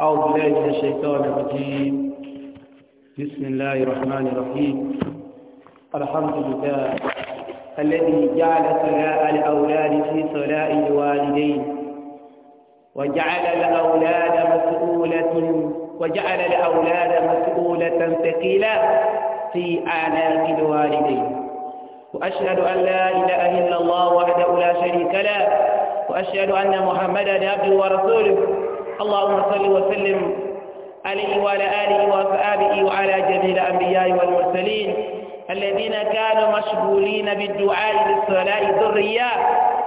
أعوذ بالله من الشيطان الرجيم بسم الله الرحمن الرحيم الحمد لله الذي جعل صلاة الأولاد في صلاة الوالدين وجعل الأولاد مسؤولة وجعل الأولاد مسؤولة ثقيلة في أعناق الوالدين وأشهد أن لا إله إلا الله وحده لا شريك له وأشهد أن محمدا عبده ورسوله اللهم صل وسلم عليه وعلى آله وأصحابه وعلى جميع الأنبياء والمرسلين الذين كانوا مشغولين بالدعاء للصلاة ذريا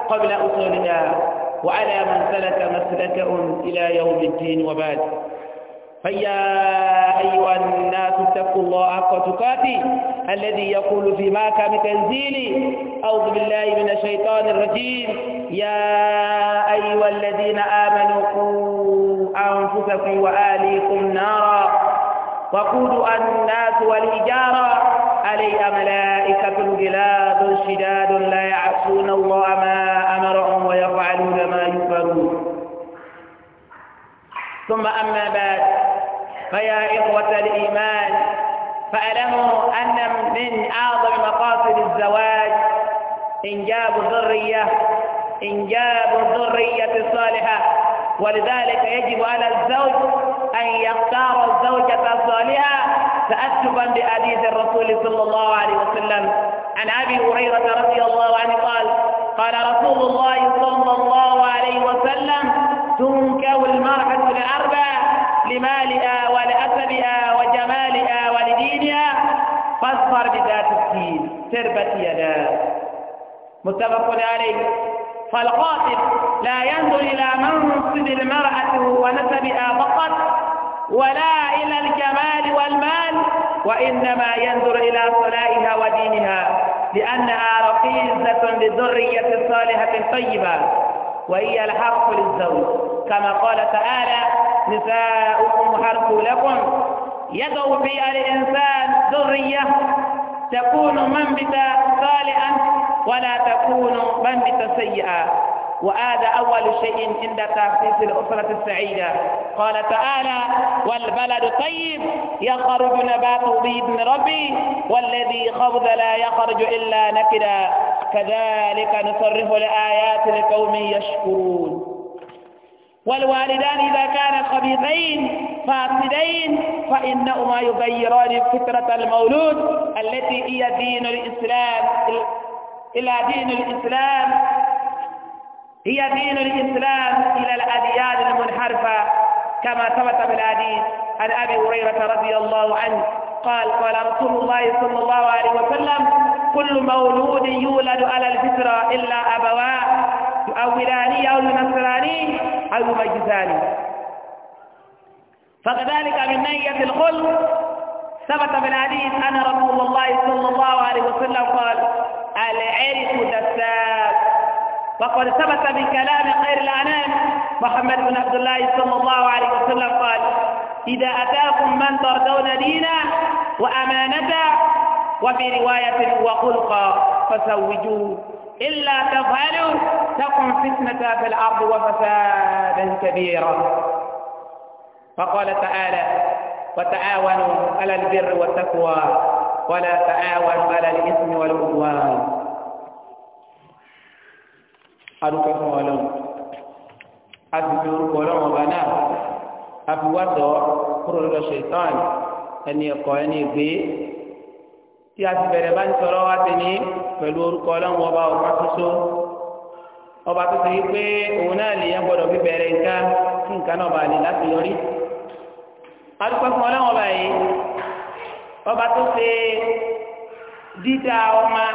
قبل أصولنا وعلى من سلك مسلكهم إلى يوم الدين وبعد فيا أيها الناس اتقوا الله حق تقاته الذي يقول في ماك بتنزيل أعوذ بالله من الشيطان الرجيم يا أيها الذين آمنوا قوا أنفسكم وآليكم نارا وقودها الناس والإجارة عليها ملائكة غلاب شداد لا يعصون الله ما أمرهم ويفعلون ما يفعلون ثم أما بعد فيا إخوة الإيمان فألموا أن من أعظم مقاصد الزواج إنجاب الذرية إنجاب الذرية الصالحة ولذلك يجب على الزوج أن يختار الزوجة الصالحة تأسفا بحديث الرسول صلى الله عليه وسلم عن أبي هريرة رضي الله عنه قال قال رسول الله صلى الله عليه وسلم تنكو المرأة الأربع لمالها ولأسبها وجمالها ولدينها فاصبر بذات الدين تربت يداك متفق عليه فالقاتل لا ينظر إلى منصب المرأة ونسبها آه فقط ولا إلى الجمال والمال وإنما ينظر إلى صلائها ودينها لأنها آه رقيزة للذرية الصالحة الطيبة وهي الحق للزوج كما قال تعالى نساؤكم حرث لكم يدعو في الإنسان ذرية تكون منبتا صالحا ولا تكون منبتا سيئا وهذا أول شيء عند تأسيس الأسرة السعيدة قال تعالى والبلد طيب يخرج نباته بإذن ربي والذي خبز لا يخرج إلا نكدا كذلك نصرف الآيات لقوم يشكرون والوالدان إذا كانا خبيثين فاسدين فإنهما يغيران فكره المولود التي هي دين الإسلام إلى دين الإسلام هي دين الإسلام إلى الأديان المنحرفة كما ثبت بالحديث عن أبي هريرة رضي الله عنه قال قال رسول الله صلى الله عليه وسلم كل مولود يولد على الفطرة إلا أبواه يؤولاني أو النصراني أو يمجساني فكذلك من نية الخلق ثبت بالحديث أن رسول الله صلى الله عليه وسلم قال العرق دسام وقد ثبت من كلام خير الأنام محمد بن عبد الله صلى الله عليه وسلم قال إذا أتاكم من ترضون دينا وأمانة وفي رواية وخلقا فزوجوه إلا تفعلوا تكن فتنة في الأرض وفسادا كبيرا فقال تعالى وتعاونوا على البر والتقوى ولا تعاونوا على الإثم والعدوان adúpẹ́ fún wọn lọ́wọ́ a sì fi orúkọ ọlọ́wọ́n ọba náà a fi wá tọ́ kúrò lọ́dọ̀ ṣètọ́n ẹni ẹ̀kọ́ ẹni ìgbé tí a ti bẹ̀rẹ̀ bá ń sọ̀rọ̀ wá sí ní pẹ̀lú orúkọ ọlọ́wọ́n ọba ọba ṣoṣo ọba tó ti pé òun náà lè yẹn gbọ́dọ̀ fi bẹ̀rẹ̀ nǹkan fún nǹkan náà bá lè láti yọrí adúpẹ́ fún ọlọ́wọ́n ọba yìí ọba tó ṣe dídá ọmọ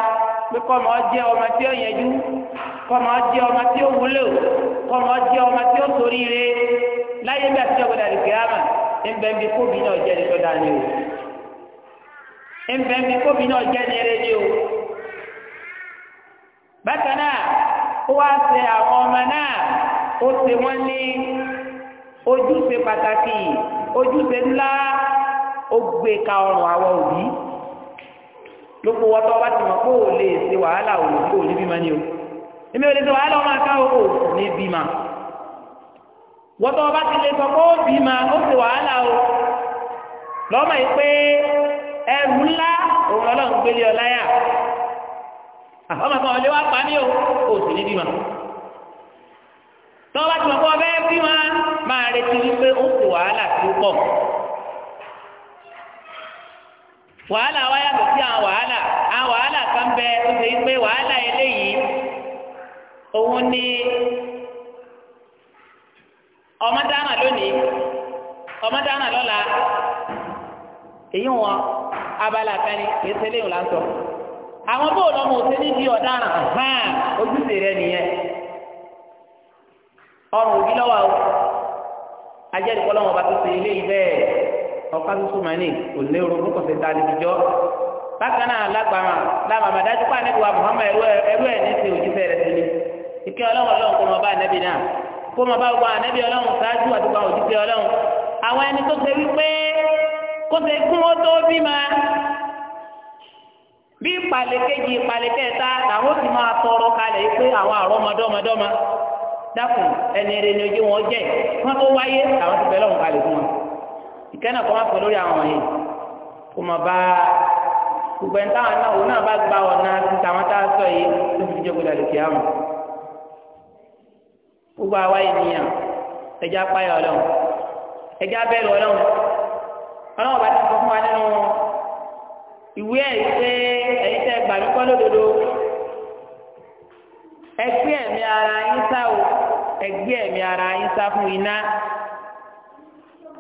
pé kọ́mọ jẹ́ ọmọ tí ó yẹjú kọ́mọ jẹ́ ọmọ tí ó wúlò kọ́mọ jẹ́ ọmọ tí ó ṣoríire láyé bí àtijọ́ gbọdọ̀ àdìgbé àmà ńbẹ́ ńbí kóbi náà jẹ́ nípa dání o ńbẹ́ ńbí kóbi náà jẹ́ ní eré ní o. bákan náà ó wá ṣe àwọn ọmọ náà ó ṣe wọ́n ní ojúṣe pàtàkì ojúṣe ńlá ó gbé ka ọrùn àwọn òbí gbogbo wa tó bá ti mọ̀ kó o lè ṣe wàhálà o kó o ní bímọ ni o èmi ò lè ṣe wàhálà ọmọ aká o kò ní bímọ wọ́n ti lè sọ kó o bímọ ó ṣe wàhálà o lọ́mọ yìí pé ẹrù ńlá òun ọlọ́run gbélé ọ láyà ah, ọmọ kan ọlẹ́ wa pa mí o kò sì ní bímọ tó bá ti mọ̀ kó o bẹ́ẹ̀ bímọ máa retí wípé ó ṣe wàhálà tí ó pọ̀. wàhálà wa yàtọ̀ sí àwọn wàhálà àwọn wàhálà kan bẹ o ṣe pé wàhálà eléyìí òun ni ọmọ dáná lónìí ọmọ dáná lọ́la èyí wọn abala kan ní kì í ṣe àwọn bóòlù hàn ojúṣe rẹ nìyẹn ọrùn òbí ọ̀pá tuntun mà ní òlé orogún kọ̀sẹ̀ ta ni ìjọ. bákan náà lágbàmà lábàmà dájú pa níbi wa Muhammad ẹrú ẹ̀ ní ti òjíṣẹ́ rẹ̀ sí ni. ìkẹ́ ọlọ́run ọlọ́run kó máa bá ànábì náà kó máa bá gbọ́ ànábì ọlọ́run ṣáájú àti gba òjíṣẹ́ ọlọ́run. àwọn ẹni tó ṣe wípé kó ṣe kún ó tó bí ma bí ìpàlẹ̀kejì ìpàlẹ̀kẹta làwọn ti máa tọrọ kalẹ̀ pé àwọn àrọ́mọdọ́mọdọ́mọ dákun ẹni eré ni ojú wọn jẹ wọn tó wáyé làwọn ti bẹ lọ́hùn kalẹ̀ fún wọn ìkẹ́nà kọ́ máa fọ lórí àwọn yìí kó máa bá gbogbo ẹni táwọn náà òun náà bá gba ọ̀nà títa wọn tá a sọ yìí tó fi jẹ́ gbọdọ̀ lùkìá mọ̀ gbogbo àwa ènìyàn ẹja páyà ọlọ́run ẹja bẹ́ẹ̀rù ọlọ́run ọlọ́run bá ti sọ fún wa nínú ìwé ẹ̀ pé ẹ̀yin tẹ́ gbà mí kọ́ lódodo ẹgbẹ́ ẹ̀mí ara yín sá o ẹgbẹ́ ẹ̀mí ara yín sá fún iná.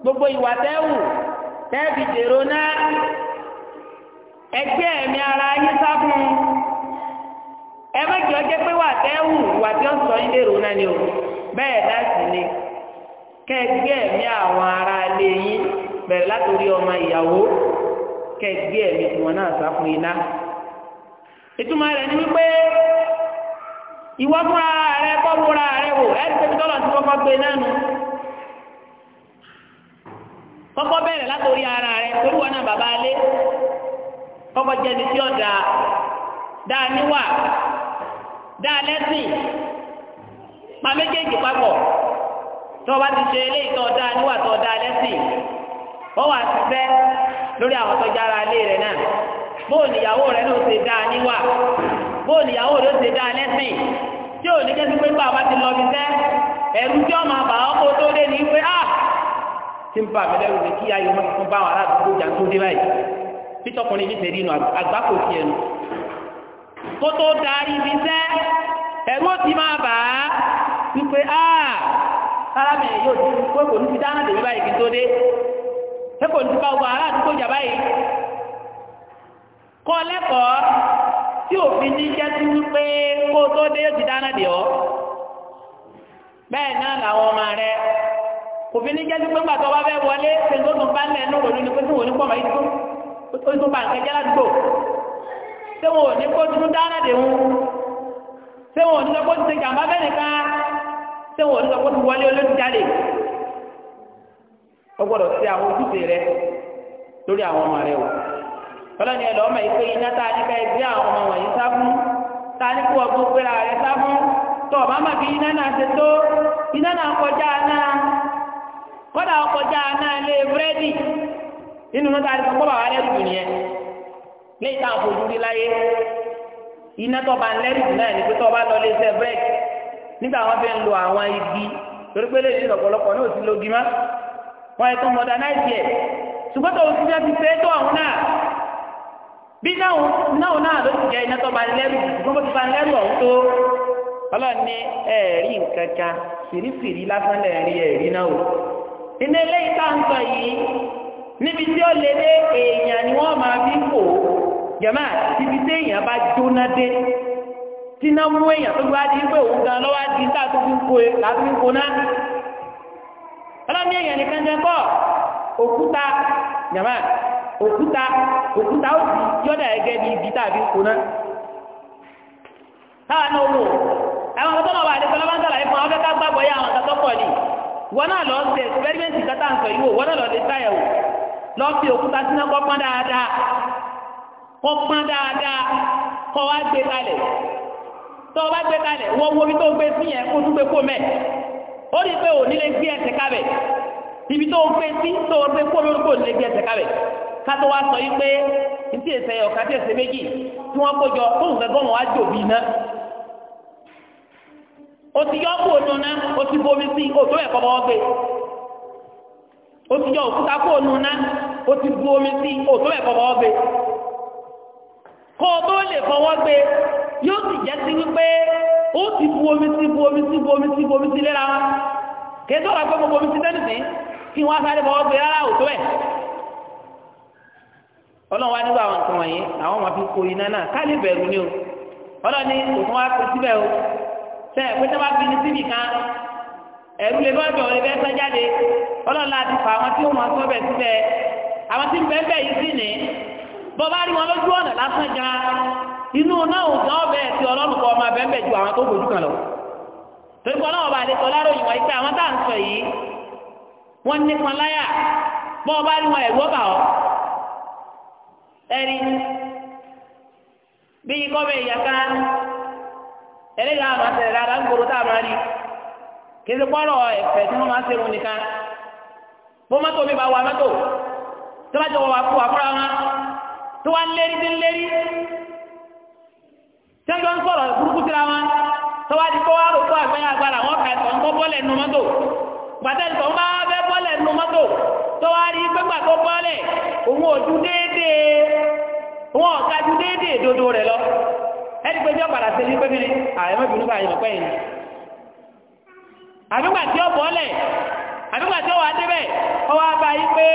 gbogbo ìwà tẹ́wù tẹ́ẹ̀bì dèrò náà ẹgbẹ́ ẹ̀mí ara yín sábùn ẹ pé wà tẹ́wù tí ó sọ dèrò náà ni bẹ́ẹ̀ láti ẹ̀mí àwọn bẹ̀rẹ̀ látòrí ọmọ ìyàwó ẹ̀mí náà iná ìtumọ̀ rẹ̀ ni wípé kọ́ fúnra kọ́kọ́ bẹ̀rẹ̀ látòrí ara rẹ̀ torí wọn náà bàbá alé kọ́kọ́ jẹ́ni tí ọ̀dà dáa níwà dáa lẹ́sìn pa méjèèjì papọ̀ tó o bá ti ṣe eléyìí tó o dáa níwà tó o dáa lẹ́sìn ó wà síbẹ̀ lórí àwọn tó jára alé rẹ̀ náà bóò níyàwó rẹ̀ ló ṣe dáa níwà bóò níyàwó rẹ̀ ló ṣe dáa lẹ́sìn tí ò ní kẹ́sí pé bá a bá ti lọ bí sẹ́ ẹ̀rú tí ọmọ àbá ọkọ̀ tó dé ní pé ah, tí ń bá mi lẹ́rù ní kí ayọ̀ mọ́ tuntun bá àwọn aládùúgbò jà tó dé báyìí bí tọkùnrin yìí ṣe rí inú àgbákò sí ẹnu kó tó darí ibi iṣẹ́ ẹ̀rú ó ti máa bà á wípé ah, á sálámẹ̀ yóò ti kó kò ní ti dáná dèbí báyìí kí n tó dé pé kò ní ti bá gbogbo aládùúgbò jà báyìí kọ́ lẹ́kọ̀ọ́ tí òfin ní jẹ́ sí wípé kó tó dé yóò ti dáná dè ọ́ bẹ́ẹ̀ náà làwọn ọmọ rẹ̀ òfin ní jẹ́sí pé gbàtọ́ wa fẹ́ wọlé ṣèǹtó tó bá lẹ̀ nù ròdú ni pé tí wọ́n ní pọ̀mọ́ yìí tó tó bá nǹkan jẹ́ ládùúgbò ṣé wọn ò ní kó tún dáná dè wọn ṣé wọn ò ní sọ kó ti ṣe jàmbá bẹ́ẹ̀ nìkan ṣé wọn ò ní sọ kó ti wọlé olóṣìṣàlè ó gbọ́dọ̀ ṣe àwọn ojúṣe rẹ lórí àwọn ọmọ rẹ o ọlọ́ni ẹ̀ lọ́mọ yìí pé iná tá a ní ká ẹ gbé àwọn ọmọ wọ̀nyí sá fún tá a ní kó ọgbọ́n pé ra rẹ sá fún tọ́ ọ̀bá má fi iná náà ṣe tó iná náà kọjá náà kọ́dà ọkọjá náà lè vredi nínú náà tàbí kọ́ bàbá lẹ́rù jù nìyẹn ìta àfojú rí láyé iná tó bá ń lẹ́rù jù náà nígbà tó bá lọ nígbà wọn fi ń lo àwọn igi torí pé lógi má wọn ètò ṣùgbọ́n tó ti tó àwọn náà bí náà náà ló ti iná tó bá ń lẹ́rù nínú eléyìí tá ń sọ yìí níbi tí ó lè dé èèyàn ni wọ́n máa fi kò jẹ̀mọ́ àtibí tí èèyàn bá jóná dé tí náà mú èèyàn tó di pé òun gan lọ́wọ́ di tá tó fi kó e láti fi kó náà ọlọ́ni èèyàn nìkan jẹ́ kọ́ òkúta jẹ̀mọ́ òkúta òkúta ó yọ́dà bí a fi kó wò wọn náà lọ ṣe ẹsipẹrimẹnti kátà ń sọ yìí wò wọn náà lọ lè ṣàyẹ̀wò lọ fi òkúta sínú kọ pọn dáadáa kọ pọn dáadáa kọ wá gbé kalẹ̀ tọ wá gbé kalẹ̀ wọn wo ibi tó gbé sí yẹn kó tún gbé kó mẹ ó rí i pé òní lè gbé ẹsẹ̀ kábẹ ibi tó gbé sí tó gbé kó lórí kó lè gbé ẹsẹ̀ kábẹ kátó wá sọ yìí pé ntí èsè ọkà tí èsè méjì tí wọn kó jọ fóun gẹgọrùn wá jò bí náà. o ti yọ kó nu o ti si o tó òkúta kó o bu omi si o tó ẹ̀kọ́ bọ́ gbé kó o tó lè fọwọ́ gbé yóò sì jẹ́ sí wípé o ti bu omi si bu omi si bu omi si bu omi wọn kìí tó rà pé bu omi si tẹ́lifí kí wọ́n sáré fọwọ́ gbé rárá ò tó ẹ̀ ọlọ́run wá nígbà àwọn nǹkan wọ̀nyí àwọn ọmọ fi kó iná náà ká bẹ̀rù ni o ọlọ́run o. tẹ ẹ pété wá bínú síbi kan ẹrú lè bọ́ọ̀dọ̀ ọ̀rẹ́ bẹ́ẹ̀ fẹ́ jáde ọlọ́ọ̀la ti fà àwọn tí ó wọn sọ bẹ̀ síbẹ̀ àwọn tí ń bẹ́ẹ̀ bẹ́ẹ̀ yìí sì ní bọ́bá rí wọn lójú ọ̀nà lásán já inú náà ò sọ bẹ́ẹ̀ tí ọlọ́run kọ́ ọmọ abẹ́ bẹ́ẹ̀ ju àwọn tó gbójú kan lọ. torí pé ọlọ́run bá lè sọ láròyìn wáyé pé àwọn tá à ń sọ yìí wọ́n bí ikọ́ bẹ́ẹ̀ yàtá eléyìí àwọn máa tẹ̀lé dáadáa ń gbòòrò tá a máa rí kí n ti pọ́nrọ̀ ẹ̀fẹ̀ tí wọ́n máa ń ṣe wọn nìkan bó mọ́tò mi bá wa mọ́tò tó bá jọ wọ wá kú wá fúnra wọn tó wá ń lérí tí ń lérí tí wọ́n ń sọ̀rọ̀ burúkú síra wọn tó wá di kó wá rò kó àgbẹ̀yà agbára wọn kà ẹ̀sọ̀ ń kó bọ́ọ̀lẹ̀ nu mọ́tò gbàtẹ́ ìsọ̀ ń bá fẹ́ bọ́ọ̀lẹ̀ nu mọ́tò tó wá rí pẹ́gbà tó bọ́ọ̀lẹ̀ òun ò ju déédéé wọn ò ẹni pé ní ọ̀pàdà sí pé mi ni àyẹ̀mọ́ ìbínú bá yẹn pẹ́yìn ni àbígbà tí ó bọ́lẹ̀ àbígbà tí ó wà débẹ̀ ó wá bá yí pé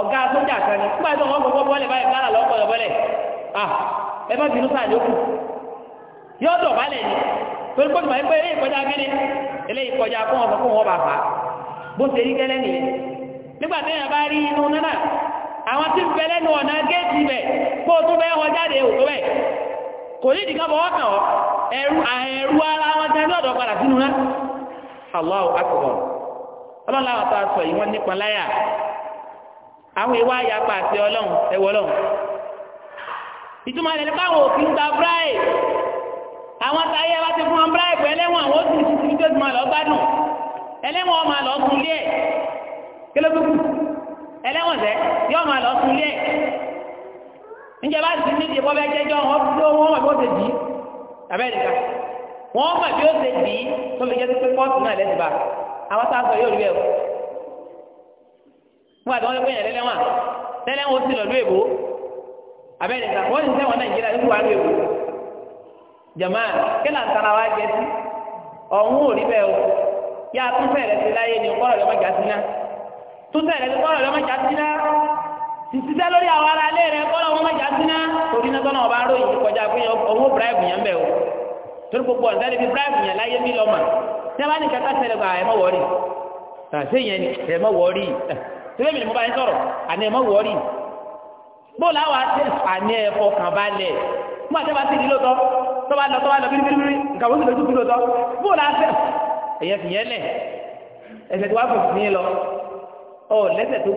ọ̀gá sójà kan ni nígbà tí wọ́n gbogbo bọ́lẹ̀ báyìí kára lọ́kọ̀ bọ́lẹ̀ ah ẹ má bínú sáà lókù yóò dọ̀ balẹ̀ ni torí kó tuma yí pé eléyìí kọjá kíni eléyìí kọjá fún ọ̀sán fún wọn bá fà kò ní ìdíkà bọ̀ wọ́kàn ọ́ ẹ̀rù ẹ̀rù ara wọn jẹ́ lọ́dọ̀ padà sínú rẹ̀ Allahu akbar ọlọ́run láwọn tó a sọ yìí wọ́n nípa láyà àwọn ìwà ayapa àti ọlọ́run ẹ̀wọ̀ ọlọ́run ìtumọ̀ ẹ̀lẹ́ni báwọn òfin gba bíráì àwọn táyé wa ti fún wọn bíráì pẹ̀lú ẹlẹ́wọ̀n àwọn oṣù tuntun tó ti máa lọ gbádùn ẹlẹ́wọ̀n ọmọ àlọ́ sunlé ẹ̀ kílódé kù níjẹba ti ní ìdìbò bẹ jẹjọ wọn tó wọn mọ bí ó ṣe dì í abẹ́ nìka wọn mọ bí ó ṣe dì í tó fi jẹ́ pé pọ́ọ̀tù náà lẹ́sìn bá àwọn tá a sọ yóò rí bẹ́ẹ̀ o wọn àti wọn lè pèyàn lẹ́lẹ́wọ̀n lẹ́lẹ́wọ̀n ó sì lọ lóòbó abẹ́ nìka wọ́n ti sẹ́wọ̀n nàìjíríà ló wà lóòbó jama kí là ń tara wa jẹ sí ọ̀hún ò rí bẹ́ẹ̀ o yá túnfẹ́ rẹ̀ ti láyé ni kọ́rọ̀ lọ́mọ jà sí ná túnfẹ́ rẹ̀ ti kọ́rọ̀ lọ́mọ jà sí ná ìsísẹ́ lórí àwọn ará ilé rẹ kọ́ lọ́wọ́ mẹ́jà síná torí náà tọ́nà ọba aróyìn ti kọjá pé owó bribe yẹn bẹ̀ o torí gbogbo ọ̀nà tẹ́lẹ̀ bí bribe yẹn láyé mi lọ́mà tẹ́lẹ̀ ní kẹta sẹlẹ̀ gba ẹ̀mọ́ wọ́ọ̀rì tàṣé yẹn ni ẹ̀mọ́ wọ́ọ̀rì tẹ́lẹ̀ mi ni mo bá yẹn sọ̀rọ̀ àní ẹ̀mọ́ wọ́ọ̀rì bóòlù àwọn àti àní ẹ̀fọ́ kan balẹ̀ mú àti bàtí ìdílé tọ́ tọ́ba lọ tọ́ba lọ bíríbíríbírí nǹkan wọ́n ti lójú kúrò tọ́ bóòlù àti ẹ̀yẹ fìyẹn lẹ̀ ẹ̀sẹ̀ tí wàá fò sí yín lọ ọ̀ lẹ́sẹ̀ tó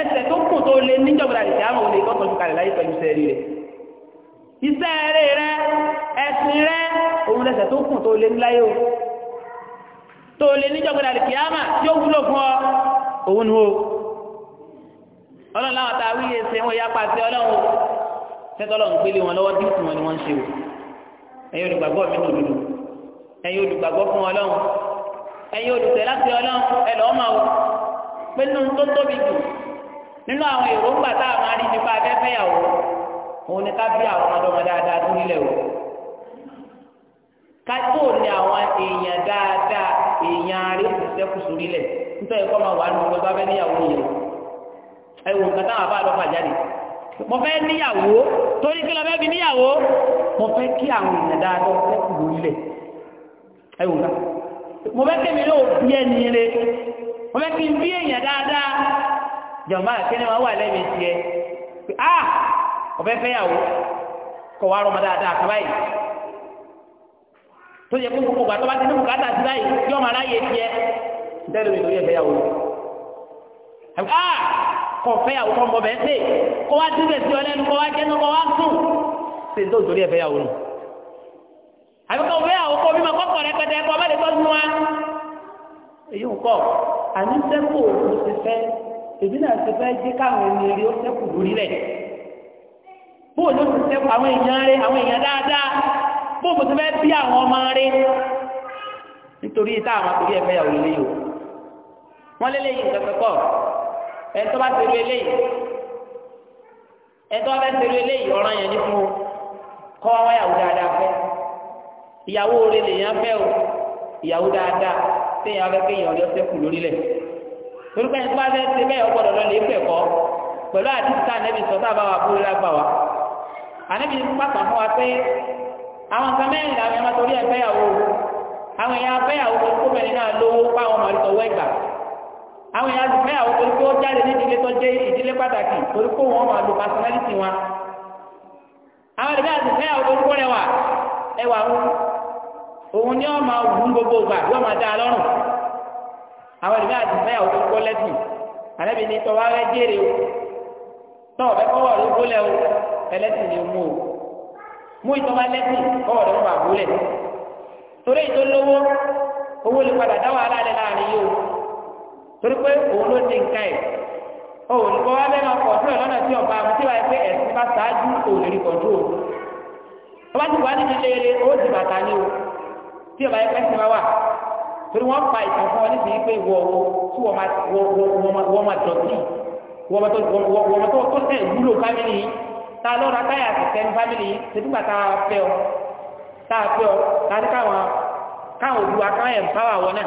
ẹsẹ̀ tó kù tó lé níjọba àdìsí àwọn olè kọ́ tọ́jú kalẹ̀ láyé pẹ̀lú sẹ́ẹ̀rì rẹ̀ iṣẹ́ eré rẹ ẹ̀sìn rẹ òun lẹsẹ̀ tó kù tó lé níláyé o tó lé níjọba àdìsí àmà yóò wúlò fún ọ òun ni o ọlọ́run láwọn táwí yé ṣe wọ́n yapa sí ọlọ́run tẹ́tọ́lọ́ ń gbélé wọn lọ́wọ́ dínkù wọn ni wọ́n ń ṣe o ẹ̀yin olùgbàgbọ́ mi nìlú ẹ̀yin olùgbàgbọ́ fún ọlọ́run ẹ̀yin olùtẹ̀ láti ọlọ́run ẹ̀ lọ́ọ́ máa wọ pé nínú tó tóbi jù nínú àwọn èròǹgbà tá a máa rí nípa afẹ́fẹ́ yàwó òun ni ká bí àwọn ọmọdọ́mọ dáadáa tó nílẹ̀ wò ká tó ní àwọn èèyàn dáadáa èèyàn arí òṣìṣẹ́kù sórí lẹ̀ nítorí kọ́ máa wà nínú gbogbo abẹ́ níyàwó yẹn ẹ wò nǹkan táwọn afá àdọ́fà jáde mo fẹ́ níyàwó torí kí lọ fẹ́ fi níyàwó mo fẹ́ kí àwọn èèyàn dáadáa ṣẹ́kù lórí lẹ̀ ẹ wò nǹkan mo fẹ́ kémi kí n bí èèyàn dáadáa jọ̀mọ́ àkínní wọn wà lẹ́mìí tiẹ̀ pé a ah, ọ̀bẹ fẹ́yàwó kọ̀ wá rọmọ dáadáa kaba yìí tó yẹ kó gbogbo gbàtọ́ bá ti ní bùkátà sí báyìí yọ ọmọ aláyè tiẹ̀ ntẹ́lu mi lóye fẹ́yàwó a ah, kọ̀ fẹ́yàwó kọ̀ mọ̀ bẹ́ẹ̀ sè kọ́ wá dídẹ̀ sí ọ lẹ́nu kọ́ wá jẹ́nu kọ́ wá sùn ṣe tó nítorí ẹ̀ fẹ́yàwó nù àbí kọ́ fẹ́yàwó kọ́ mímọ kọ́kọ́ rẹ pẹ̀tẹ́ kọ́ bá lè tọ́jú wa èyí ń kọ́ àní sẹ́kù òkú ti fẹ́ èmi náà ti fẹ́ jẹ́ káwọn ènìyàn rí ó sẹ́kù lórí rẹ̀ bó ló ti sẹ́kù àwọn èèyàn rẹ̀ àwọn èèyàn dáadáa bó mo ti fẹ́ bí àwọn ọmọ rẹ̀ nítorí tá àwọn àtòrí ẹ̀fẹ́ yàwó ilé yìí wọ́n léléyìí kẹ̀kẹ́kọ̀ ẹ̀ tó bá ti ru eléyìí ẹ̀ tó bá fẹ́ ti ru eléyìí ọ̀ràn yẹn ní fún o kọ́ àwọn yàwó dáadáa fẹ́ ìyàwó rẹ̀ lèèyàn fẹ́ o ìyàwó dáadáa téèyàn fẹ́ kéèyàn rí ó sẹ́kù lórí torí pé nípa fẹ́ ṣe bẹ́ẹ̀ ọgbọ́dọ̀ lọ lè pẹ̀ pẹ̀lú àdìsá nẹ́bí sọ sábà wà lágbà wa ànẹ́bí fún wa pé àwọn nǹkan mẹ́rin làwọn ẹ̀ma torí àwọn èèyàn kó bẹ̀rẹ̀ náà lówó fáwọn màlúkọ̀ wẹ́gbà àwọn èèyàn kó jáde ní ìdílé tó jẹ́ ìdílé pàtàkì torí kó wọn máa lo wọn àwọn àwọn ìlú náà ti fẹ́ àwọn olùkọ́ lẹ́sìn àlẹ́bí ní tọ́wọ́ rẹ jèrè o tọ́wọ́ bẹ kọ́wọ́ rẹ gbólẹ̀ o ẹlẹ́sìn ni mú o mú ìtọ́wọ́ lẹ́sìn kọ́wọ́ rẹ mú bàbá gbólẹ̀ torí ètò lówó owó lè padà dá wàhálà rẹ láàrin yìí o torí pé òun ló ti nǹkan ẹ̀ olùkọ́ wa bẹ́ẹ̀ máa pọ̀ tó ẹ̀ tí ọba àmì tí wàá pé ẹ̀sìn bá ṣáájú òlèrè kọ̀ọ̀tù o ọba ti wà nídìí léèrè ó di bàtà ni o tí ọba ẹ̀kẹ́ torí wọ́n pa ìtàn fún ọ níbi pé wọ wo tí wọ́n ma wọ wọ wọ́n ma dọ̀tí wọ́n ma tó wọ́n ma tó tó tẹ̀ wúlò fámìlì yìí tá a lọ́ra táyà tẹ̀ ní fámìlì yìí tètè gbà tá a fẹ́ ọ tá a fẹ́ ọ láti káwọn káwọn òdu akáwọn ẹ̀ ń pàwọ̀ àwọn náà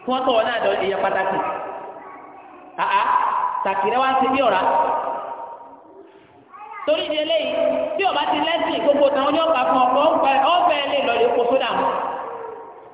tí wọ́n tọ̀ wọ́n náà dọ̀ èèyàn pàtàkì àá tàkìrẹ́ wá ń ṣe bí ọ̀rá torí di eléyìí tí ọba ti lẹ́sìn gbogbo tàwọn yóò kà fún ọkọ̀ ọ̀fẹ́ lè lọ lè kó sódà mọ́.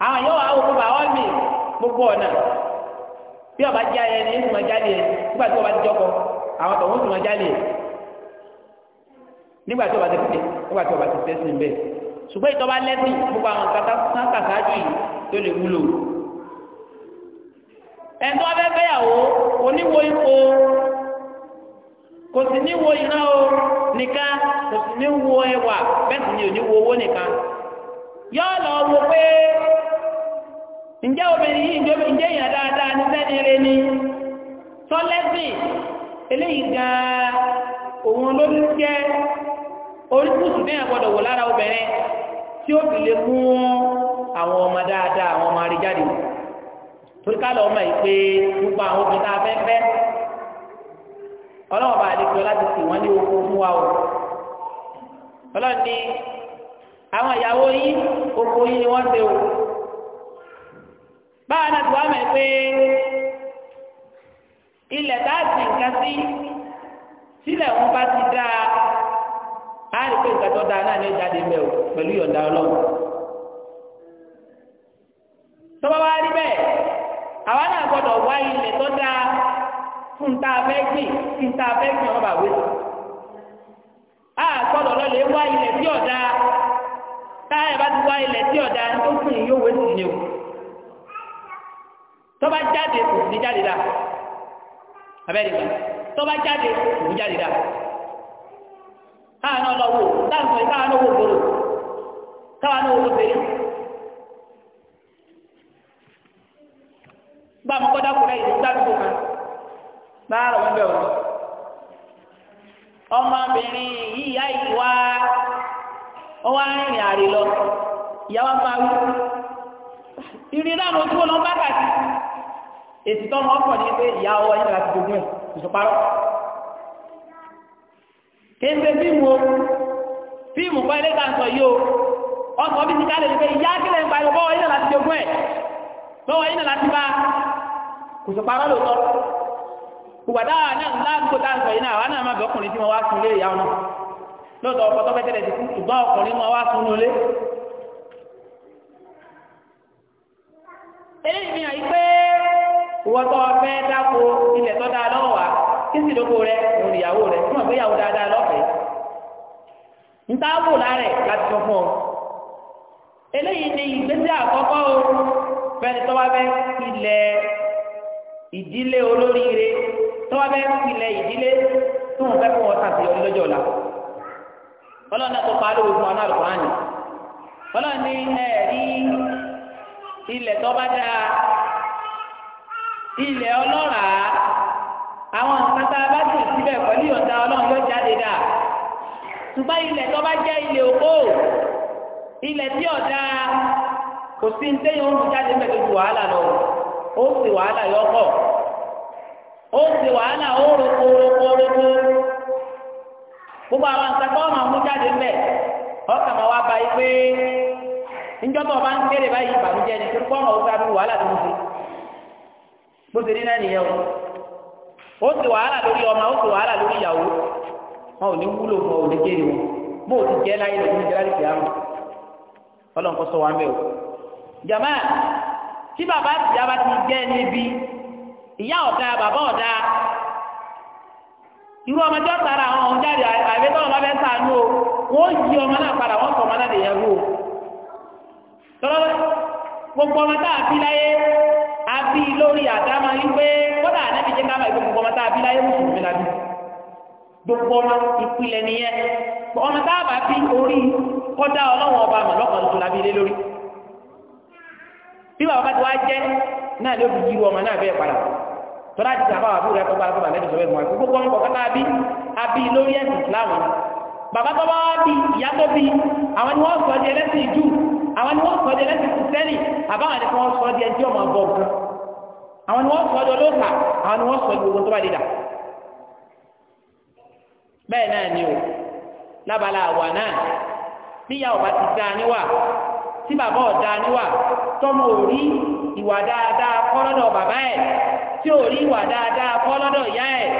àwọn yóò wá òkú bá wọ́n mi gbogbo ọ̀nà bí ọba jẹ́ ayẹ ni èsì máa jáde nígbà tí ọba ti jọkọ àwọn tọ̀hún sì máa jáde nígbà tí ọba ti pè nígbà tí ọba ti tẹ́sí ń bẹ̀ ṣùgbọ́n ìtọ́ba lẹ́sìn gbogbo àwọn kàtà sáájú yìí tó lè wúlò ẹ̀tọ́ abẹ́fẹ́yàwó oníwo ipò kò sì níwo ìran o nìkan kò sì níwo ẹwà bẹ́ẹ̀ sì ni ò owó nìkan. yọ́ lọ wo pé ǹjẹ́ obìnrin yìí ǹjẹ́ èèyàn dáadáa ní ni tọ́lẹ́sìn eléyìí gan-an òun ló ń jẹ́ oríkùsù ní àgbọ̀dọ̀ wò lára obìnrin tí ó fi lè mú àwọn ọmọ dáadáa àwọn ọmọ arí jáde torí ká pé gbogbo àwọn obìnrin tá a fẹ́ ọlọ́wọ́ bá a o àwọn ìyàwó yín oko yín ni wọ́n ṣe o báwa náà ti wá mẹ́ pé ilẹ̀ tá a ti nǹkan sí sílẹ̀ wọn bá ti dáa á rí pé nǹkan tó dáa náà ní ìjáde mẹ́ o pẹ̀lú ìyọ̀ǹda ọlọ́run tọ́ba wá rí bẹ́ẹ̀ àwa náà gbọ́dọ̀ wá ilẹ̀ tó dáa fún tá fẹ́ gbìn kí tá fẹ́ gbìn ọba wé a gbọ́dọ̀ lọ lè wá ilẹ̀ tí ọ̀dà. táyà bá ti wá ilẹ̀ tí ọ̀dà tó kùn yóò wé sí ni o tọ́ba jáde kò ní jáde dá abẹ́rẹ́ ìgbà jáde kò ní jáde dá káà náà lọ wò láǹtọ̀ náà wò náà wò kúrẹ́ ọwọ́ arìnrìn àrè lọ ìyàwó bá wí ìrìn náà ló dúró lọ bá kàtí èsì tọ́nu ọkọ̀ ni pé ìyá ọwọ́ yìí láti gbogbo ẹ̀ ìṣòparọ́ kéńté fíìmù o fíìmù kọ́ ilé ta sọ yìí o ọkọ̀ bí ti kálẹ̀ pé ìyá kílẹ̀ ń pariwo bọ́wọ́ yìí láti gbogbo ẹ̀ bọ́wọ́ yìí láti bá kò ìṣòparọ́ lòótọ́ kùgbàdá náà ńlá ń kó tá a sọ yìí náà wà náà má bẹ́ ọkùnrin tí wọ́n wá sun lé ìyá ọ náà lọ́dọ̀ ọkọ tọ́pẹ́ tẹ́lẹ̀ ti kú ṣùgbọ́n ọkùnrin máa wá sunu lé. eléyìí fi hàn yí pé ìwọ́tọ́ fẹ́ dáko ilẹ̀ tó dáa lọ́wọ́ wa kí sì lóko rẹ lórí ìyàwó rẹ fún àgbéyàwó dáadáa lọ́fẹ̀ẹ́. ń wò lárẹ̀ láti sọ fún ọ. eléyìí ni ìgbésẹ̀ àkọ́kọ́ o fẹ́ni tó bá fẹ́ ilẹ̀ ìdílé olóríire tó bá fẹ́ ilẹ̀ ìdílé tó ń fẹ́ fún ọ ọlọ́run náà tó parí ogun ọ̀nà àlùkòránì ni ní ẹ̀rí ilẹ̀ tó bá dáa ilẹ̀ ọlọ́ràá àwọn nǹkan tá a bá tẹ̀ síbẹ̀ pẹ̀lú ìyọ̀ǹda ọlọ́run yóò jáde dáa ṣùgbọ́n ilẹ̀ tó bá jẹ́ ilẹ̀ òkó ilẹ̀ tí ọ̀dà kò sí ní téyàn ń jáde mẹ́tò ju wàhálà lọ ó sì wàhálà yọkọ̀ ó sì wàhálà ó roko roko roko. gbogbo àwọn akẹ́kọ̀ọ́ ọmọ àwọn jáde ńbẹ ọkà máa wá báyìí pé níjọba ọba ń kéré báyìí ìbànújẹ́ ni torí kọ́ọ̀mù ọ̀gá bí wàhálà tó ń ṣe bó rí náà nìyẹn o ó wàhálà lórí ọmọ ó wàhálà lórí ìyàwó wọn ò ní ti láyé wa o jama tí bàbá bá ti jẹ́ níbi ìyá ọ̀dà irú ọmọ tí wọ́n tara àwọn ọ̀hún jáde àbí tọ́wọ́ bá fẹ́ sànú o wọ́n yí ọmọ náà padà wọ́n sọ ọmọ náà o. tọ́lọ́ gbogbo ọmọ tá a bí láyé a lórí àdámọ́ wípé kódà ànábi jẹ́ ká máa gbé gbogbo ọmọ tá bí láyé gbogbo ọmọ ìpìlẹ̀ nìyẹn ọmọ tá bá bí orí kọ́dá ọba àmọ̀ lọ́kàn tuntun la lórí. bí bàbá ti wá jẹ́ náà tọ́lá ti sàbá wà fúnra ẹ̀kọ́ bá fún àlejò sọ̀rọ̀ ìmọ̀ ẹ̀kọ́ gbogbo ọmọ kọ́kọ́ abí abí lórí ẹ̀sìn ìsìláàmù bàbá tó bá bí ìyá tó bí àwọn ni wọ́n sọ di ẹlẹ́sìn ìjú àwọn ni wọ́n sọ di ẹlẹ́sìn kìtẹ́nì àbáwọn ni wọ́n sọ di ẹjí ọmọ ọgbọ ọgbọ àwọn ni wọ́n sọ di olóòtà àwọn ni wọ́n sọ di gbogbo tó bá dìdà bẹ́ẹ̀ náà ni tí ó rí wà dáadáa kọ́ lọ́dọ̀ ìyá ẹ̀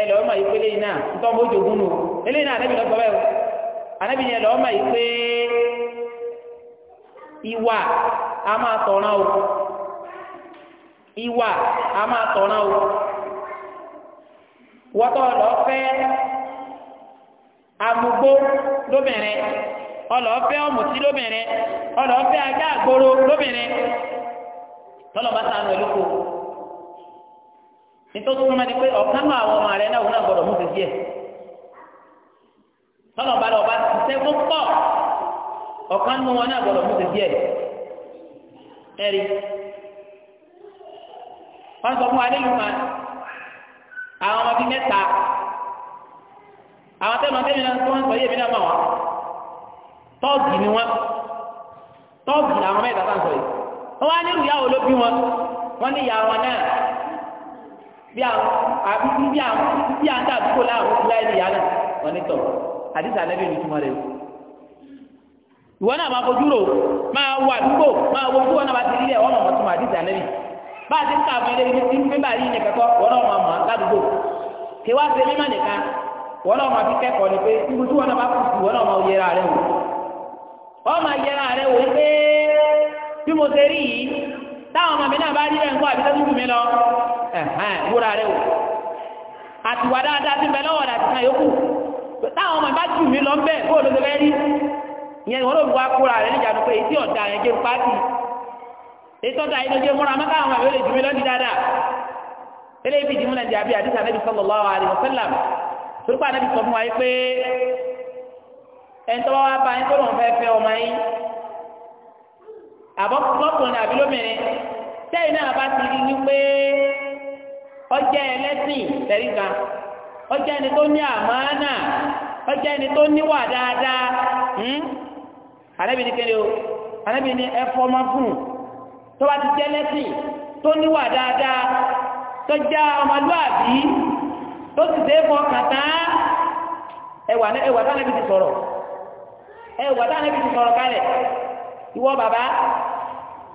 ẹ ọmọ mọ̀ ìpele yìí náà ń tọ́mọ ojú nù eléyìí náà anábì lọ́sọ̀ bẹ́ẹ̀ anábì yẹn lọ́ọ́ mọ̀ ìpè ìwà a máa o ìwà a máa o wọ́tọ̀ lọ́fẹ́ amugbó lóbìnrin ọlọ́fẹ́ lóbìnrin ọlọ́fẹ́ ajá lóbìnrin bá ẹ̀ lóko. nítorí tó máa di pé ọ̀kan máa wọ ọmọ rẹ náà wọn náà gbọdọ̀ mú ti díẹ̀ tọ́lọ̀ bá lọ bá ti tẹ́ fún pọ̀ ọ̀kan mú wọn náà gbọdọ̀ mú ti díẹ̀ ẹ̀rí wọ́n sọ fún wa nílùú kan àwọn ọmọ bíi mẹ́ta àwọn tẹ́lọ̀ tẹ́lẹ̀ náà tó ń sọ yé mi náà mọ̀ wọ́n tọ́ọ̀gì ni wọ́n tọ́ọ̀gì làwọn mẹ́ta tá ń sọ yìí wọ́n wá nílùú yá olóbi wọn wọ́n ní ìyá wọn náà. bí àwọn àbí bí àwọn bí àwọn tàbí kò láàrún ti láì nìyá náà wọn ní túmọ̀ rẹ̀ ìwọ náà máa fojú rò máa máa wo bá ti rílẹ̀ ọ̀nà ọ̀tún àdìsá ànábì bá a ti ń kà fún ẹlẹ́bi bá ní kẹ́kọ́ náà mọ̀ ládùúgbò kí wá mímọ̀ nìkan náà táwọn ọmọ mi náà bá rí rẹ̀ ń kọ́ àbí tẹ́sùkù mi lọ ẹ̀hẹ́n wúra rẹ̀ wò àtiwà dáadáa ti bẹ lọ́wọ́ rẹ̀ àti yòókù táwọn ọmọ bá jù mí lọ ń bẹ̀ kó rí ìyẹn ló wá kóra rẹ̀ níjànú pé èyí tí ọ̀dà jẹ́ èyí ló jẹ́ múra mọ́ káwọn ọmọ mi lè jù mí lọ dáadáa àbọ̀kùnrin àbí lómìnrin sẹ́yìn náà bá ti rí i pé ọjọ́ ẹlẹ́sìn tẹ̀rí kan ọjọ́ ẹni tó ní àmánà ọjọ́ ẹni tó níwà dáadáa anábìnrin hmm? kéré o anábìnrin ẹ̀fọ́ máa fún un tó bá ti jẹ́ ẹlẹ́sìn tó níwà dáadáa tó já ọmọlúàbí tó sì dé fọ kàtá ẹwà ẹwà tánàbí ti sọ̀rọ̀ ẹwà tánàbí ti sọ̀rọ̀ kalẹ̀ ìwọ bàbá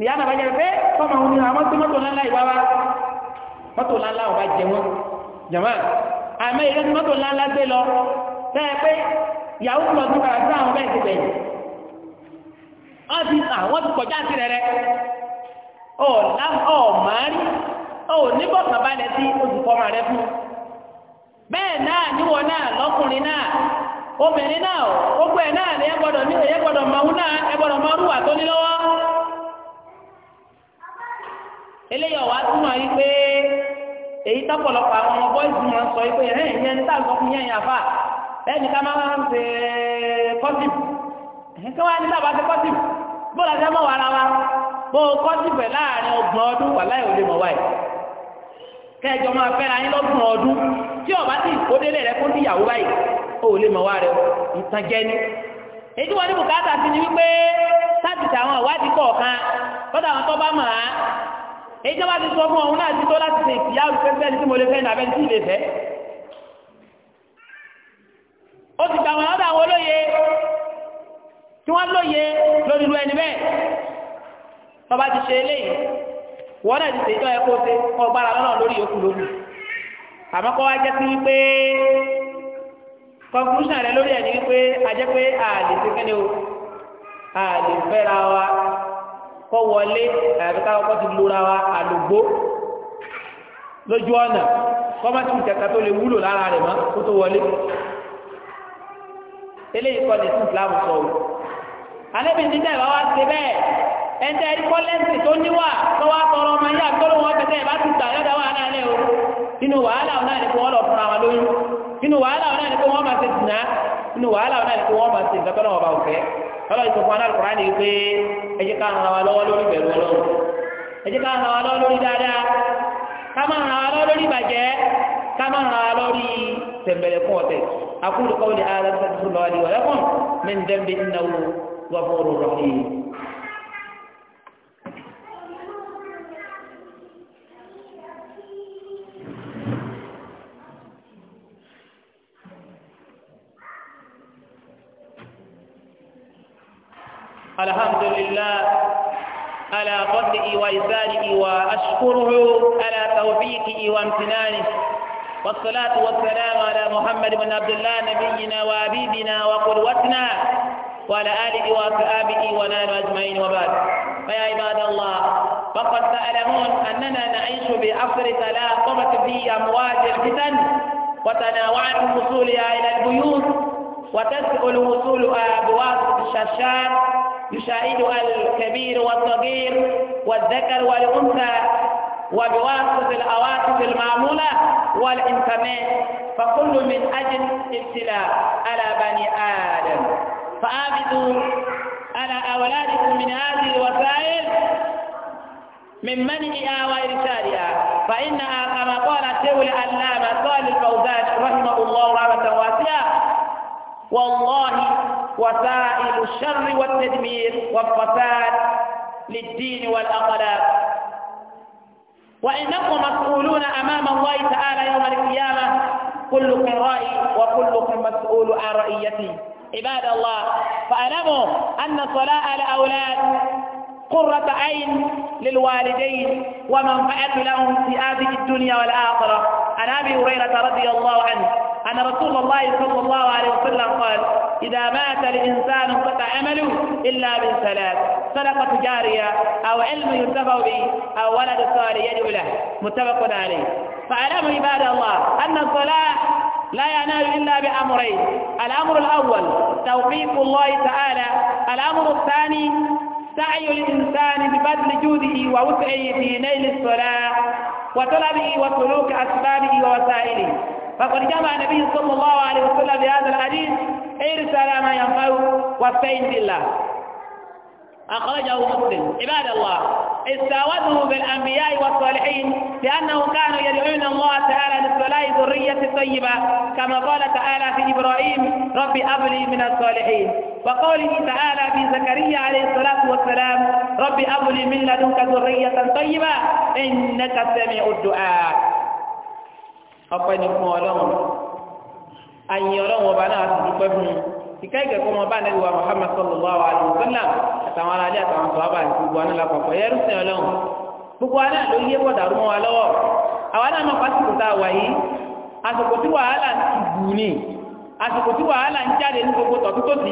nìyá nàbà jẹ pé kọ́mọ òun ni àwọn tó mọ́tò ńláńlá ìwá wa mọ́tò ńláńlá ọba jẹ wọn jàmá àmọ́ ìrẹ́ tí mọ́tò ńláńlá gbé lọ bẹ́ẹ̀ pé ìyàwó kúlọ̀ tó kàrà sí àwọn bẹ́ẹ̀ ti bẹ̀yìn wọ́n ti àwọn sí rẹ̀ ọ̀ máa rí ọ̀ níbọ̀kàn balẹ̀ sí olùkọ́ máa rẹ fún bẹ́ẹ̀ náà níwọ̀n náà lọ́kùnrin náà obìnrin náà ó gbẹ̀ náà ẹ̀yẹ́ gbọ́dọ̀ máa wú náà ẹ gbọ́dọ̀ rúwà tó ní lọ́wọ́ eléyìí ọ̀wá túmọ̀ pé èyí tọpọlọpọ àwọn ọmọ bọ́ìsì máa ń sọ yìí pé ìyẹn ní táwọn yẹn yàfa bẹ́ẹ̀ ká máa ń ṣe kọ́sìpù kí wọ́n á ní táwọn ṣe kọ́sìpù bó la ṣe wa bó ẹ̀ láàrin ọgbọ̀n ọdún wà láì òde mọ̀ wáyé kẹjọ máa yín lọ́gbọ̀n ọdún tí ọba ti ìkódélé rẹ báyìí ó lè mọ̀ wá rẹ ni èyí ní bùkátà sí ni wípé sáàtì tàwọn ìwádìí kọ̀ọ̀kan àwọn tó bá èyí tó bá ti sọ fún ọ̀hún náà ti tó láti ṣe ìyá olùfẹ́fẹ́ ní tí mo lè fẹ́ ní abẹ́ tí ilé fẹ́ ó ti gbà wọn lọ́dọ̀ àwọn olóye tí wọ́n lóye lórí ru ẹni bẹ́ẹ̀ tó bá ti ṣe eléyìí wọ́n náà ti ṣe ìjọ ẹ̀kọ́ ṣe kọ́ gbára lọ́nà lórí yòókù lórí àmọ́ kọ́ wá jẹ́ sí wípé conclusion rẹ̀ lórí ẹni wípé a jẹ́ pé a lè ṣe kẹ́ni o a lè fẹ́ra wa kọ́ wọlé àyàfi káwọn kọ́ ti lura wa àlògbó lójú ọ̀nà kọ́mọ́tì ìjàkà tó lè wúlò lára rẹ̀ mọ́ kó tó wọlé eléyìí kọ́ ní sí Islam sọ o alẹ́bí ti tẹ̀ wá ṣe bẹ́ẹ̀ ẹ̀ńtẹ́ ẹ̀rí kọ́lẹ́ǹsì tó níwà tó wá tọrọ ọmọ yá tó lóun ọ̀tẹ̀tẹ̀ ẹ̀ ti gbà yọ̀dá wà náà lẹ́ o inú wàhálà ọ̀nà ni kò wọ́n lọ fúnra wọn lóyún inú wàhálà ọ̀nà ni kò wọ́n máa ṣe dùnà inú wàhálà ọ̀nà ni kò wọ́n máa ṣe nǹkan náà wọ́n òfẹ́ ọlọ́run tó fún aná àlùkò láti pé ẹ jẹ́ ká ń ra wa lọ́wọ́ lórí bẹ̀rù ọlọ́run ẹ jẹ́ ká ń wa lọ́wọ́ lórí dáadáa ká má ra wa lọ́wọ́ lórí ìbàjẹ́ ká má ra wa lórí tẹ̀m̀bẹ̀lẹ̀ fún ọ̀tẹ̀ akúlùkọ́ الله على فضله وإزاله وأشكره على توفيقه وامتنانه والصلاة والسلام على محمد بن عبد الله نبينا وحبيبنا وقدوتنا وعلى آله وأصحابه ونال أجمعين وبعد فيا عباد الله فقد تعلمون أننا نعيش بعصر تلاطمت في أمواج الفتن وتناوعت وصولها إلى البيوت وتسهل وصولها أبواب الشاشات يشاهدها الكبير والصغير والذكر والأنثى وبواسطة الأواسط المعمولة والإنترنت فكل من أجل ابتلاء على بني آدم فآبدوا على أولادكم من هذه الوسائل من منعها وإرسالها فإنها كما قال سيول الله صالح الفوزان رحمه الله رحمة واسعة والله وسائل الشر والتدمير والفساد للدين والأخلاق وإنكم مسؤولون أمام الله تعالى يوم القيامة كلكم رأي وكلكم مسؤول عن رأيتي عباد الله فاعلموا أن صلاة الأولاد قرة عين للوالدين ومنفعة لهم في هذه الدنيا والآخرة عن أبي هريرة رضي الله عنه أن رسول الله صلى الله عليه وسلم قال إذا مات الإنسان انقطع عمله إلا من ثلاث صدقة جارية أو علم ينتفع به أو ولد صالح يدعو له متفق عليه فاعلم عباد الله أن الصلاة لا ينال إلا بأمرين الأمر الأول توفيق الله تعالى الأمر الثاني سعي الإنسان ببذل جوده ووسعه في نيل الصلاة وطلبه وسلوك أسبابه ووسائله فقد جمع النبي صلى الله عليه وسلم بهذا الحديث ارسل ما ينفع واستعن بالله أخرجه مسلم عباد الله استعوذه بالأنبياء والصالحين لأنهم كانوا يدعون الله تعالى للصلاة ذرية طيبة كما قال تعالى في إبراهيم رب ابلي من الصالحين وقوله تعالى في زكريا عليه الصلاة والسلام رب ابلي من لدنك ذرية طيبة إنك سميع الدعاء أقول لكم أن الأخوة بنات ìka ìkẹ́kọ̀ọ́ ọmọ bá nẹ́bí wa Muhammad sallallahu alaihi wa sallam àtàwọn aráàlú àtàwọn sọ̀rọ̀ bá ní gbogbo àná lápapọ̀ yẹ́rù sìn ọlọ́run gbogbo àná ló yé pọ̀ dàrú mọ́ wa lọ́wọ́ àwa náà máa pásítọ̀ tá a wà yìí àsìkò tí wàhálà ń tìbù ni àsìkò tí wàhálà ń jáde ní gbogbo tọ̀tútòsì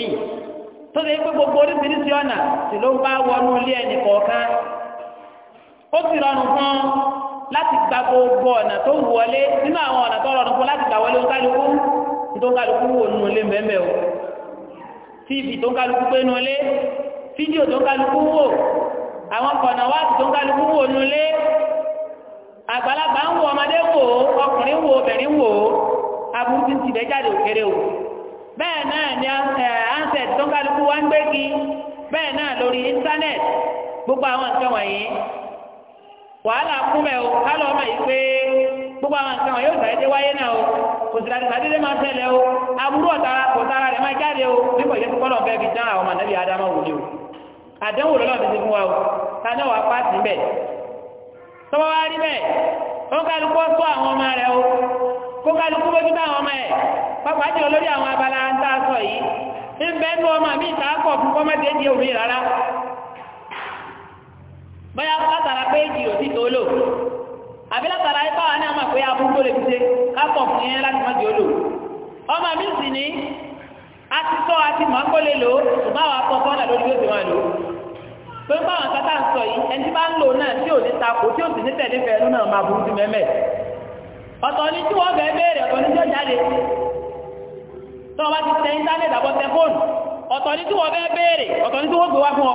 ni tó ṣe pé gbogbo oríṣiríṣi ọ̀nà sì ló ń bá wọnú ilé ẹnì kọ̀ọ̀kan ó sì rọrùn fún láti gba gbogbo ọ̀nà tó wù wọlé nínú àwọn ọ̀nà tó rọrùn fún láti gbà wọlé oníkálukú tó ń kálukú wò nù lé mẹ́mẹ́ o TV tó ń kálukú pé nù lé fídíò tó ń kálukú wò àwọn kọ̀nà wá tó ń kálukú wò nù lé àgbàlagbà ń wò ọmọdé wò ọkùnrin wò obìnrin wò aburú ti ti bẹ́jáde òkèrè o bẹ́ẹ̀ náà ni ansẹ̀t eh, tó ń kálukú wá ń gbé kí bẹ́ẹ̀ náà lórí íńtánẹ̀tì gbogbo àwọn nǹkan wọ̀nyí wàhálà kúmẹ̀ o kálọ̀ ọmọ yìí pé gbogbo àwọn nǹkan wọn yóò sàdédé wáyé náà o kò sì sàdédé máa tẹ̀lé o aburú ọ̀tara kò sára rẹ̀ o bí kò yẹ adama wò o lọ́nà ti ti fún wa o náà wàá pàṣẹ bẹ́ẹ̀ tọ́wọ́ wá rí bẹ́ẹ̀ kálukú àwọn ọmọ rẹ o kó kálukú bójú àwọn ọmọ pápá àwọn abala ń sọ yìí ń bẹ́ẹ̀ bóyá látara pé èjì ò sí tó lò àbí látara ipá wa náà mà pé abúgbò lè fi ṣe kápọ̀ fún yẹn láti má di ó lò ọmọ mi sì ní àti sọ àti mọ̀ kó lè lò ṣùgbọ́n àwọn akọkọ náà lórí yóò ti máa lò pé báwọn kátà ń sọ yìí ẹni tí bá ń lò náà tí ò ní takò tí ò sì ní tẹ̀lé fẹ́ẹ́ nú náà máa burú sí mẹ́mẹ́ ọ̀tọ̀ ni tí wọ́n fẹ́ẹ́ béèrè ọ̀tọ̀ ni tí ó jáde tí wọ́n bá ti tẹ íńtánẹ́ẹ̀tì àbọ̀tẹ fóònù ọ̀tọ̀ ni tí wọ́n fẹ́ẹ́ béèrè ọ̀tọ̀ ni tí wọ́n gbé wá fún ọ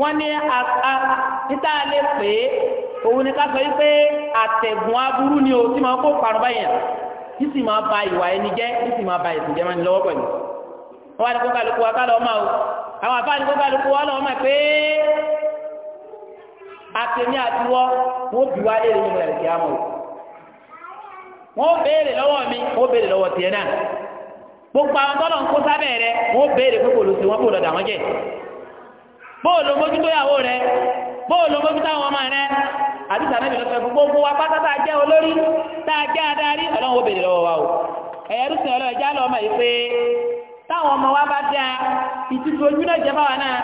wọ́n ní níta lè pè é òun ni ká sọ wípé àtẹ̀gùn aburú ni o tí ma kó parun báyìí tí sì máa ba ìwà ẹni jẹ́ sì máa ba ìsìn jẹ́ lọ́wọ́ pẹ̀lú. wọ́n wá ní kó kálukú wa o àwọn àbá ní kó kálukú pé àtẹ̀mí àtiwọ́ wọ́n bí wá léèrè nínú o. wọ́n béèrè lọ́wọ́ mi wọ́n béèrè lọ́wọ́ tiẹ̀ náà gbogbo àwọn tọ́lọ̀ ń kó sábẹ́ wọ́n béèrè pé kò kò lọ́dà jẹ́ bóòlù mójútó ìyàwó rẹ bóòlù ọmọ rẹ àti sàmẹ́bí gbogbo wa pátá tá a jẹ́ olórí tá a jẹ́ wa o ọlọ́run ẹ̀já lọ́mọ yìí pé táwọn ọmọ wa bá ojú náà náà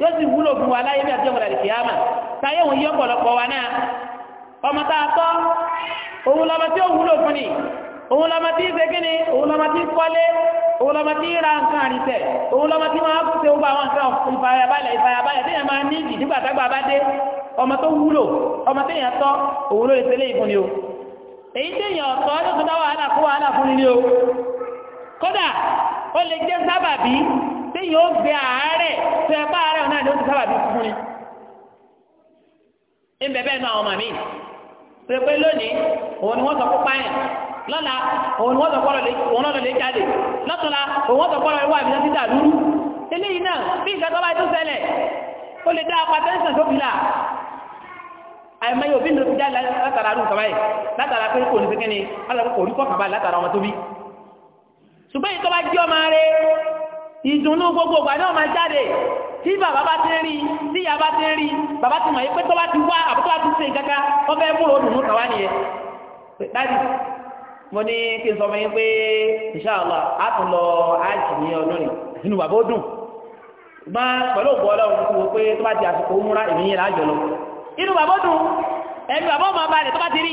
yóò sì wúlò fún wa láyé bí àti ọ̀gbọ̀dà lè yí wa náà ọmọ tá a tọ́ òun lọ́mọ tí ó wúlò fún òun lọ́mọ tí kọ́lé òun ra nǹkan àrìtẹ̀ òun lọ́mọ tí máa ṣe àwọn nǹkan ìfàyàbalẹ̀ ìfàyàbalẹ̀ tí yẹn máa ní ìdí nígbà tágbà bá dé ọmọ tó wúlò ọmọ tí yẹn tọ́ òun ló lè ni o èyí tí yẹn dá wàhálà fún wàhálà fún o kódà ó lè jẹ́ tí yẹn ó gbé àárẹ̀ tó àárẹ̀ náà ni ó ti fún ni ń bẹ́ẹ̀ náà ọmọ mi pé pé lónìí òun ni wọ́n lọ́la òun wọ́n tọ̀pọ̀lọ̀ lè jáde lọ́tọ̀la òun wọ́n tọ̀pọ̀lọ̀ ẹwà ìbílẹ̀ títà lúrú eléyìí náà bí ìgbàtọ́ bá tó ṣẹlẹ̀ ó lè dá apá tẹ́sán tó fi là àìmọ́ yóò bí ní ti jáde látara arú kàbáyé látara pé kò ní sí kíni látara kò rí kọ́ kàbáyé látara ọmọ tó bí ṣùgbọ́n ìtọ́ bá jí ọmọ rẹ ìdùnnú gbogbo ìgbà náà máa jáde tí bàbá bá ti rí tí ìyá bá ti rí bàbá ti mọ̀ yí pé tó bá ti wá àbútọ́ bá ti ṣe ìkẹ́kẹ́ wọ́n fẹ́ múlò òdùnnú kàwá nìyẹn mo ní kí n sọ fún yín pé inṣàlá a tún lọ àjì ní ọdún rẹ̀ inú bàbá ó dùn gbá pẹ̀lú òkú ọlọ́run tó wọ pé tó bá ti àsìkò múra èmi yẹn lájọ lọ inú bàbá ó dùn ẹni bàbá ó máa bá rẹ̀ tó bá ti rí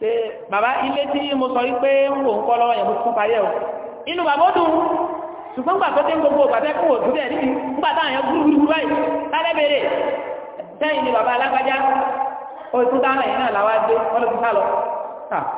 pé bàbá ilé tí mo sọ yí pé ń wò ń kọ́ lọ́wọ́ yẹn mo tún parí ẹ̀ o inú bàbá ó dùn ṣùgbọ́n gbà tó tẹ́ ń gbogbo ògbà kó òtún bẹ́ẹ̀ níbi nígbà táwọn yẹn gbúrúgbúrú báyìí lálẹ́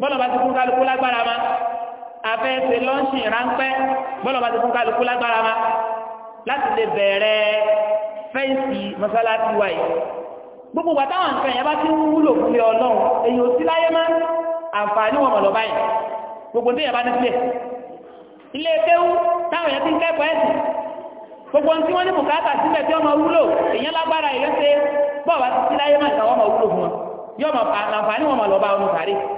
bọ́lá bá ti fún kálukú lágbára ma afẹ́ ṣe lọ́ọ̀ṣì ránpẹ́ bọ́lá bá ti fún kálukú lágbára ma láti lè bẹ̀rẹ̀ fẹ́ǹsì mọ́sálásí wa yìí gbogbo wa táwọn nǹkan yẹn bá ti ń wúlò fún mi ọlọ́run èyí ò sí láyé má àǹfààní wọn mọ̀lọ́ báyìí gbogbo ní ìyàbá ní sílẹ̀ ilé kéwú táwọn yẹn ti ń kẹ́kọ̀ọ́ ẹ̀sìn gbogbo tí wọ́n ní bùkátà síbẹ̀ tí ọmọ wúlò èyàn lágbára èyàn ṣe bọ́ọ̀ bá ti sí láyé má ìtàwọn ọmọ wúlò fún wọn yóò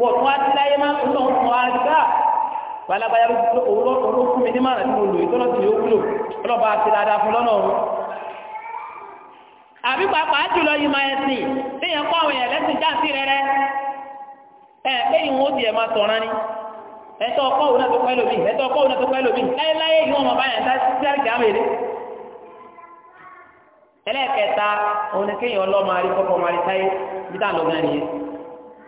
wọ́n tún á ti láyé máa ń tún wọn á gbà balabaya owó fún mi ní màrà tí mo lò ìtọ́nà tí ó wúlò ọlọ́ba àti dáadáa fún lọ́nà ọ̀run àbí pàápàá jùlọ yìí máa ẹ̀sìn léèyàn kọ́ àwọn èèyàn lẹ́sìn jáǹsì rẹ́rẹ́ ẹ pé ìwọ̀n ó tiẹ̀ máa tọ̀ràn ni ẹ̀tọ́ ọkọ̀ òun náà tó pẹ́ lómi ẹ̀tọ́ ọkọ̀ òun náà tó pẹ́ lómi láyéláyé ìwọ̀n ọmọ báyà ń dá sáré kí á òun ni kéèyàn ọlọ́mọ àríkọ́kọ́ ọmọ àríkáyé bí táà lọ́gbọ́n nìyẹn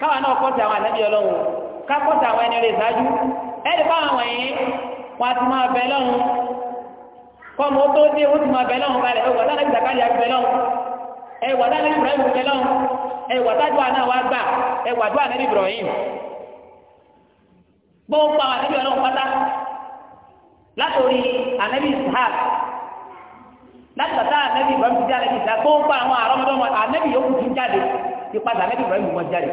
káwa náà kọ́sí àwọn àtẹ́bí ọlọ́run ká kọ́sí àwọn ẹni rẹ̀ ṣáájú ẹ̀rí fáwọn wọ̀nyí wọn ti máa bẹ lọ́run kọ́mọ tó dé wọ́n ti máa bẹ lọ́run kalẹ̀ ẹ̀wọ̀ tá lẹ́yìn zakari àti bẹ lọ́run ẹ̀wọ̀ tá lẹ́yìn ibrahim bẹ lọ́run ẹ̀wọ̀ tá dùn àná wa gbà ẹ̀wọ̀ dùn àná ibrahim gbogbo àwọn àtẹ́bí ọlọ́run pátá látòrí ànábì ishaq láti bàtà ànábì ibrahim ti dé ànábì ishaq gbogbo àwọn àrọ́mọdọ́mọ ànábì yòókù ti jáde ti padà ànábì ibrahim wọn jáde.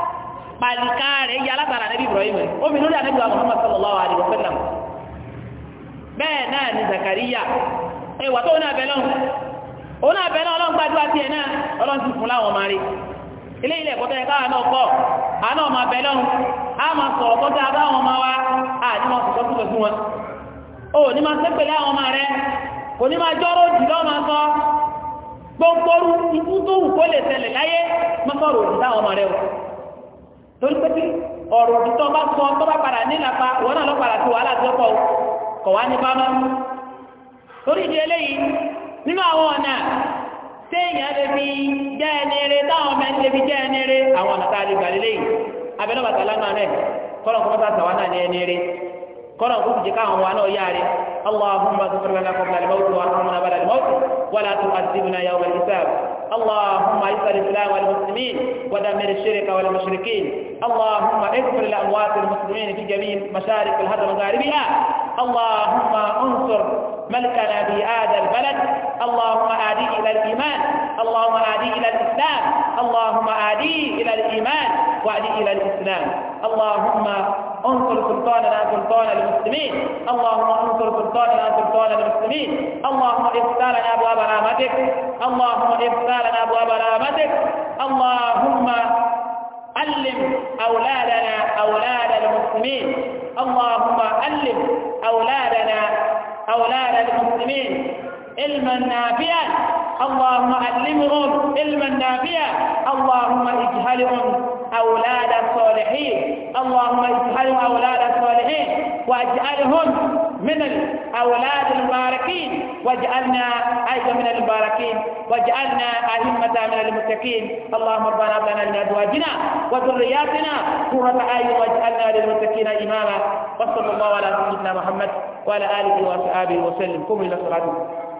pàlìkà rẹ̀ yà látara nẹ́bí Ibrahim omi lórí àdébíwá Muhammad sallallahu alaihi wa sallam bẹ́ẹ̀ náà ni Zakariya ẹwà tó ní abẹ́ lọ́hùn òun náà bẹ̀rẹ̀ ọlọ́run gbájúwá tí ẹ̀ náà ọlọ́run ti fún láwọn ọmọ rí ilé ilẹ̀ ẹ̀kọ́ tẹ́yẹ káwà náà kọ́ àánà ọmọ abẹ́ lọ́run a máa sọ̀rọ̀ tó tẹ́ abáwọn ọmọ wa àti wọn sọ̀tọ́ tó fún wọn o ní máa sẹ́pẹ̀lẹ́ àwọn ọmọ rẹ kò ní máa jọ́rọ̀ jù lọ́ máa sọ gbọ́ngbọ́rú ikú tó wù kó lè tẹ̀lẹ̀ láyé mọ́sọ̀rọ̀ òdì táwọn ọmọ rẹ o torí pé kí ọ̀rọ̀ òtítọ́ bá sọ tó bá padà nílapa wọn náà lọ padà sí wàhálà tó pọ̀ kọ̀ wá ní bámọ́ torí ìdí eléyìí nínú àwọn ọ̀nà téèyàn lè fi jẹ́ ẹni eré táwọn ọmọ لنا قبل الموت وارحمنا بعد الموت ولا تعذبنا يوم الحساب اللهم اعز الاسلام والمسلمين ودمر الشرك والمشركين اللهم اغفر لأموات المسلمين في جميع مشارق الهدى وغاربها اللهم انصر ملكنا في هذا البلد اللهم آدي إلى الإيمان اللهم آدي إلى الإسلام اللهم آدي إلى الإيمان وآدي إلى الإسلام اللهم انصر سلطاننا سلطان المسلمين اللهم انصر سلطاننا سلطان المسلمين اللهم افتح ابواب رحمتك اللهم افتح لنا ابواب رحمتك اللهم علم اولادنا اولاد المسلمين اللهم علم اولادنا اولاد المسلمين علما نافعا اللهم علمهم علما نافعا اللهم اجهلهم أولاد الصالحين اللهم اجعلهم أولاد الصالحين واجعلهم من الأولاد المباركين واجعلنا أيضا من المباركين واجعلنا أئمة من المتقين اللهم ربنا هب لنا من أزواجنا وذرياتنا قرة أعين واجعلنا للمتقين إماما وصلى الله على سيدنا محمد وعلى آله وصحبه وسلم قوموا إلى صلاتكم